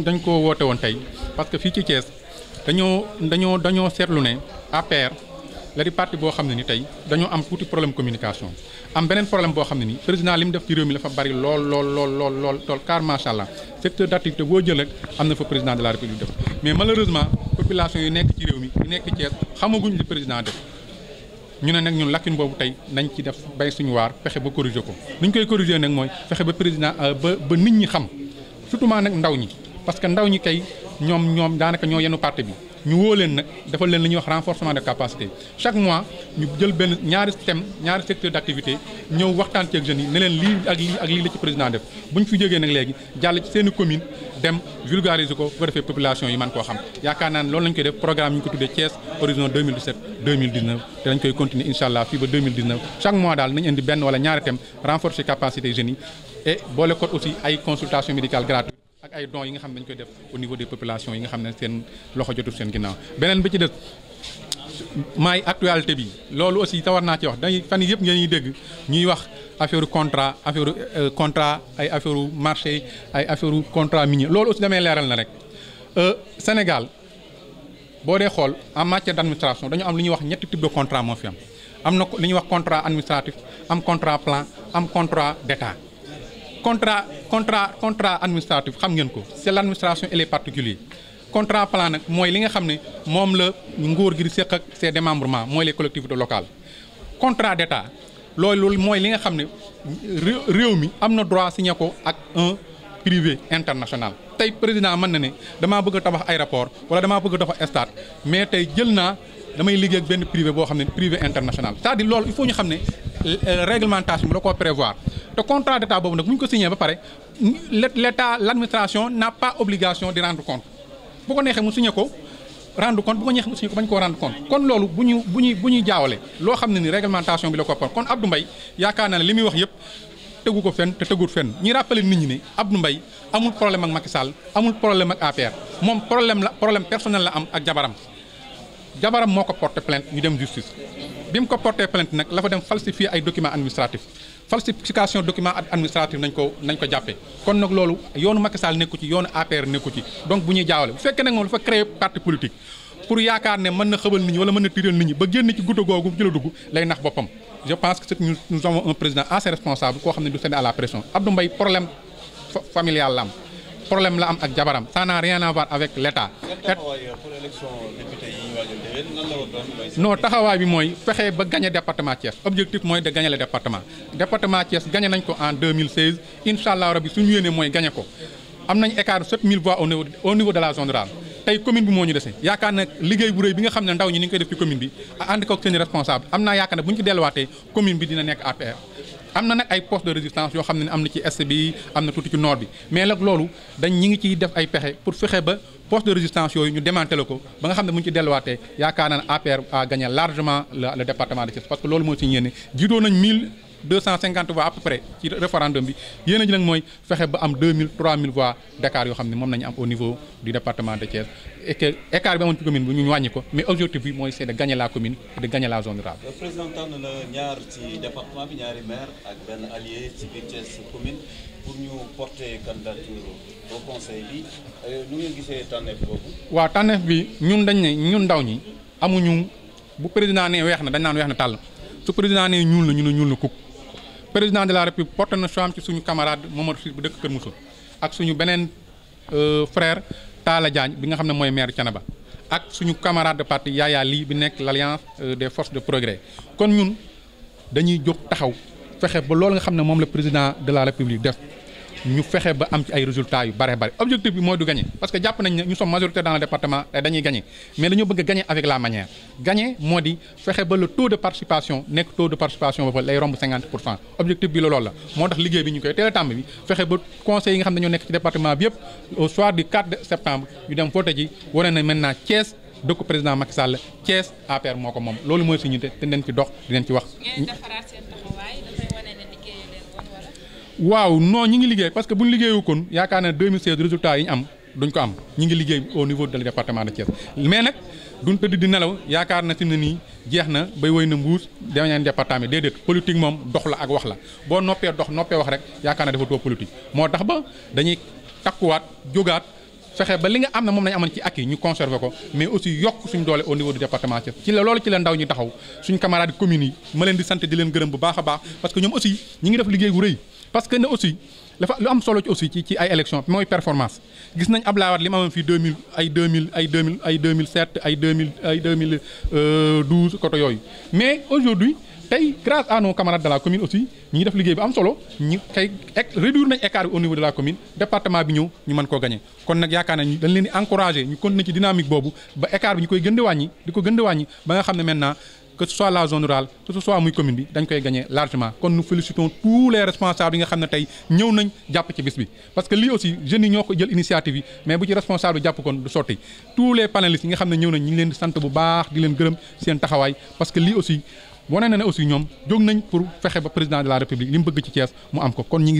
dañu ko woote woon tey parce que fii ci Thiès dañoo dañoo dañoo seetlu ne APR la di parti boo xam ne ni tey dañoo am tuuti problème communication am beneen problème boo xam ne ni président li mu def ci réew mi dafa bari lool lool lool lool lool tool car macha allah boo jël am na fa président de la république def mais malheureusement population yi nekk ci réew mi yu nekk Thiès xamaguñ li président def ñu ne nag ñun lacune boobu tey nañ ci def bay suñu waar fexe ba corriger ko li koy corriger nag mooy fexe ba président euh, ba ba nit ñi xam surtout nag ndaw ñi. parce que ndaw ñi kay ñoom ñoom daanaka ñoo yenu parti bi ñu woo leen nag dafa leen li wax renforcement de capacité chaque mois ñu jël benn ñaari thème ñaari secteur d' ñëw waxtaan ci ak jeunes yi ne leen lii ak lii ak lii la ci président def bu ñu fi jógee nag léegi jàll ci seen i commune dem vulgariser ko ko defee population yi man koo xam yaakaar naa ne loolu koy def programme ñu ko tuddee Thiès horizon te dañ koy continuer incha ay dons yi nga xam ne dañ koy def au niveau des populations yi nga xam ne seen loxo jotul seen ginnaaw beneen bi ci dëkk maay actualité bi loolu aussi war naa ci wax dañuy fan yëpp ngeen ñuy dégg ñuy wax affaire contrat affaire euh, contrat ay affaire marché ay affaire contrat minier loolu aussi damay leeral na rek euh, Sénégal boo dee xool en matière d'administration dañu am lu ñuy wax ñetti type de contrat moo fi am am na li ñu wax contrat administratif am contrat plan am contrat d'état contrat contrat contrat administratif xam ngeen ko c'est l'administration et les particuliers contrat plan nag mooy li nga xam ne moom la nguur gi di séq ak ses démembrements mooy les collectivités locales contrat d'état loolu mooy li nga xam ne réew mi am na droit signé ko ak un privé international tey président mën na ne damaa bëgg a tabax aéroport wala damaa bëgg a tabax stade mais tey jël naa damay liggéey ak benn privé boo xam ne privé international c'est-à-dire loolu il faut ñu xam ne euh, réglementation bi la ko prévoir te contrat d'état boobu nag bu ñu ko signé ba pare l'état l'administration n'a pas obligation di rendre compte bu ko neexee mu signé ko rendre compte bu ko neexee mu signé ko bañ koo rendre compte kon loolu bu ñu ñuy bu ñuy jaawale loo xam ne ni réglementation bi la ko kon Abdou Mbaye yaakaar na ne li muy wax yëpp tegu ko fen te teguut ñi rappelé nit ñi ne Abdou Mbaye amul problème ak Macky Sall amul problème ak APR moom problème la problème personnel la am ak jabaram jabaram moo ko porté plainte ñu dem justice bi mu ko porté plainte nag la fa dem falsifier ay documents administratifs falsification document administratif nañ ko nañ ko jàppee kon nag loolu yoonu Macky Sall nekku ci yoonu APR nekku ci donc bu ñuy jaawale bu fekkee nag moom dafa créer parti politique pour yaakaar ne mën na xëbal nit ñi wala mën na tiital nit ñi ba génn ci guddo googu ci la dugg lay nax boppam je pense que nous nous avons un président assez responsable am problème la am ak jabaram ça n'a rien à voir taxawaay bi mooy fexe ba gagné département Thiès objectif mooy de gagné le département nañ ko en 2016 incha allah suñu yéene mooy gagné ko am nañ écart 7000 au niveau de la zone tey commune bi moo ñu dese yaakaar na liggéey bu rëy bi nga xam ne ndaw ñi ni ñu def ci commune bi ànd ko ak seen responsable am naa yaakaar ne bu ñu ci delluwaatee commune bi dina nekk APR. am na nag ay poste de résistance yoo xam ne am na ci est bi am na tuuti ci nord bi mais loolu dañ ñi ngi ciy def ay pexe pour fexe ba poste de résistance yooyu ñu démantelé ko ba nga xam ne bu ñu ci delluwaatee yaakaar naa ne APR a gagné largement le département de Thiès parce que loolu moo ci ñenn jiitoo nañ mille deux cent cinquante voix à peu près ci référendum am deux mille trois mille voix d'écart yoo xam ne moom nañu am au niveau du département de mais objectif bi mooy c'est de gagner la commune et de gagner la zone rurale. le président na bi euh, tànneef bi ñun dañ ne ñun ndaw ñi amuñu bu président nee weex na dañ naan weex na tàll su président nee ñuul na ñu ne ñuul na kuk. président de la république porte na chance ci suñu camarade Mamadou Ciss bu dëkk Kër Moussa ak suñu beneen euh, frère Talla Diagne bi nga xam ne mooy maire Thiénaba ak suñu camarade de parti Yaya lii bi nekk l' alliance euh, des forces de progrès kon ñun dañuy jóg taxaw fexe ba loolu nga xam ne moom la président de la république def ñu fexe ba am ci ay résultats yu bare bare objectif bi mooy du gagner parce que jàpp nañ ne ñu sommes majorité dans le département te dañuy gagner mais dañoo bëgg a avec la manière gagner moo di fexe ba le taux de participation nekk taux de participation ba fa lay romb 50 pour cent objectif bi la loolu la moo tax liggéey bi ñu koy teel tàmb bi fexe ba conseil yi nga xam ne ñoo nekk ci département bi yëpp au soir du 4 septembre ñu dem voté ji wane na maintenant moom loolu mooy suñu te dinañ waaw non ñi ngi liggéey parce que bu ñu liggéeyu kon yaakaar naa 2016 résultat yi ñu am duñ ko am ñi ngi liggéey au niveau de le département de Thiès tëdd di nelaw yaakaar na fi ne nii jeex na bay woy na mbuus damañeen département bi déedéet politique moom dox la ak wax la boo noppee dox noppee wax rek yaakaar na dafa too politique moo tax ba dañuy takkuwaat jógaat fexe ba li nga am na moom nañu amoon ci ak yi ñu conserver ko mais aussi yokk suñu doole au def liggéey gu parce que ne aussi dafa lu am solo ci aussi ci ci ay élection mooy performance gis nañ Abdoulaye Wade li mu amoon fii deux mille ay deux mille ay deux ay ay ay deux mille euh, yooyu mais aujourd'hui tey grâce à nos camarades de commune aussi ñu ngi def liggéey bu am solo ñu tey réduire nañ écart bi au niveau de la commune département bi ñëw ñu mën koo gagné kon nag yaakaar nañ dañ leen di encouragé ñu continuer ci dynamique boobu ba écart bi ñu koy gën wàññi di ko gën di wàññi nga xam ne maintenant que soit la zone que soit muy commune bi dañ koy gagné largement kon nous félicitons tous les yi nga xam ne tey ñëw nañ jàpp ci bis bi parce que lii aussi jeunes ñoo ko jël initiative yi mais bu ci responsable jàpp kon du sotti tous les panélistes nga xam ne ñëw nañ ñu leen sant bu baax di leen gërëm seen taxawaay parce que lii aussi wane na aussi ñoom jóg nañ pour fexe ba président de la république li mu bëgg ci Thiès mu am ko kon ñi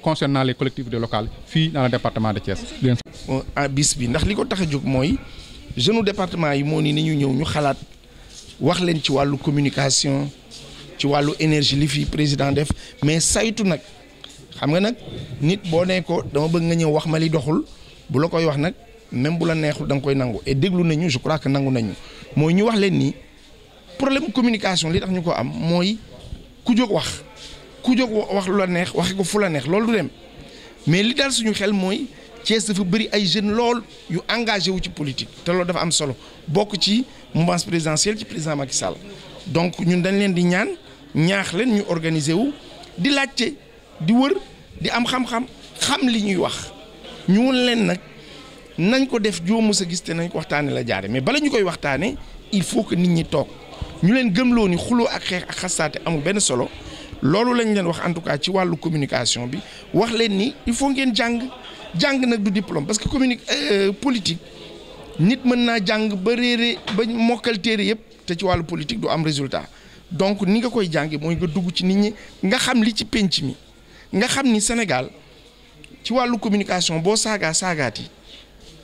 concernant les collectivités locales fii dans le département de Thiès. Ah, bis bi ndax li ko tax a jóg mooy jeune département yi moo nii ni ñu ñëw ñu xalaat wax leen ci wàllu communication ci wàllu énergie li fii président def mais saytu nag xam nga nag nit boo nee ko dama bëgg nga ñëw wax ma li doxul bu la koy wax nag même bu la neexul da nga koy nangu et déglu nañu je crois que nangu nañu mooy ñu wax leen ni problème communication li tax ñu ko am mooy ku wax. ku jóg wax lu la neex waxe ko fu la neex loolu du dem mais li dal suñu xel mooy Thiès dafa bëri ay jeunes lool yu engagé wu ci politique te loolu dafa am solo bokk ci mouvance présidentielle ci président Macky Sall donc ñun dañ leen di ñaan ñaax leen ñu organiser wu di laajte di wër di am xam-xam xam li ñuy wax ñu won leen nag nañ ko def joomu sa gis te nañ ko waxtaane la jaare mais bala ñu koy waxtaane il faut que nit ñi toog ñu leen gëmloo ni xuloo ak xeex ak benn solo loolu lañ leen wax en tout cas ci wàllu communication bi wax leen ni il faut ngeen jàng jàng nag du diplôme parce que communique euh, politique nit mën naa jàng ba réere ba mokkal téere yëpp te ci wàllu politique du am résultat donc ni nga koy jàngi mooy nga dugg ci nit ñi nga xam li ci pénc mi nga xam ni Sénégal ci wàllu communication boo saagaa saagaat yi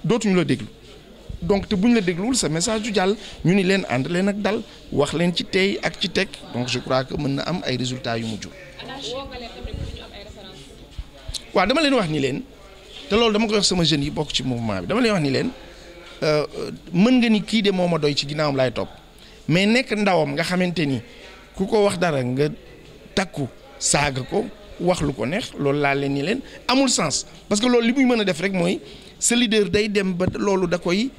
dootuñu la déglu donc te bu ñu la dégluwul sa message du jàll ñu ni leen ànd leen ak dal wax leen ci tey ak ci teg donc je crois que mën na am ay résultats yu mu jur waa dama leen wax ni leen te loolu dama koy wax sama jeunes yi bokk ci mouvement bi dama leen wax ni leen euh, euh, mën nga ni kii de moo ma doy ci ginnaawam laay topp mais nekk ndawam nga xamante ni ku ko wax dara nga takku saaga ko wax lu ko neex loolu laa leen ni leen amul sens parce que loolu li muy mën a def rek mooy sa day dem ba loolu da koy.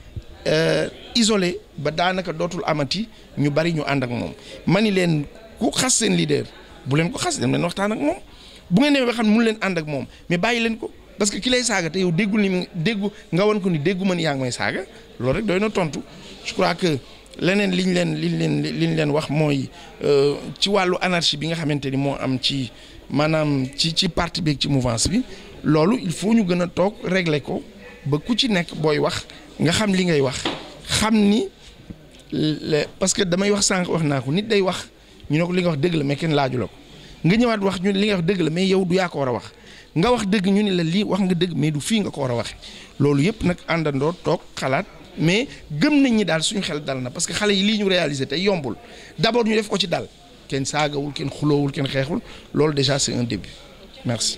Euh, isolé ba daanaka dootul amati ñu bari ñu ànd ak moom ma ni leen ku xas seen leader bu leen ko xas dem leen waxtaan ak moom bu ngeen demee ba xam ne mun leen ànd ak moom mais bàyyi leen ko parce que kilay saaga te yow déggul ni déggu nga wan ko ni déggu man yaa ngi may saaga loolu rek doy na tontu je crois que leneen liñ leen liñ leen liñ leen wax mooy euh, ci wàllu anarchie bi nga xamante ni moo am ci maanaam ci ci parti bi ci mouvance bi loolu il faut ñu gën a toog régler ko ba ku ci nekk booy wax. nga xam li ngay wax xam ni parce que damay wax sànq wax naa ko nit day wax ñu ne ko li nga wax dëgg la mais kenn laaju la ko nga ñëwaat wax ñu li nga wax dëgg la mais yow du yaa ko war a wax nga wax dëgg ñu ni la lii wax nga dëgg mais du fii nga ko war a wax loolu yëpp nag àndandoo toog xalaat mais gëm nañ ñi daal suñu xel dal na parce que xale yi lii ñu réaliser tey yombul d'abord ñu def ko ci dal kenn saagawul kenn xuloowul kenn xeexul loolu déjà c'est un début merci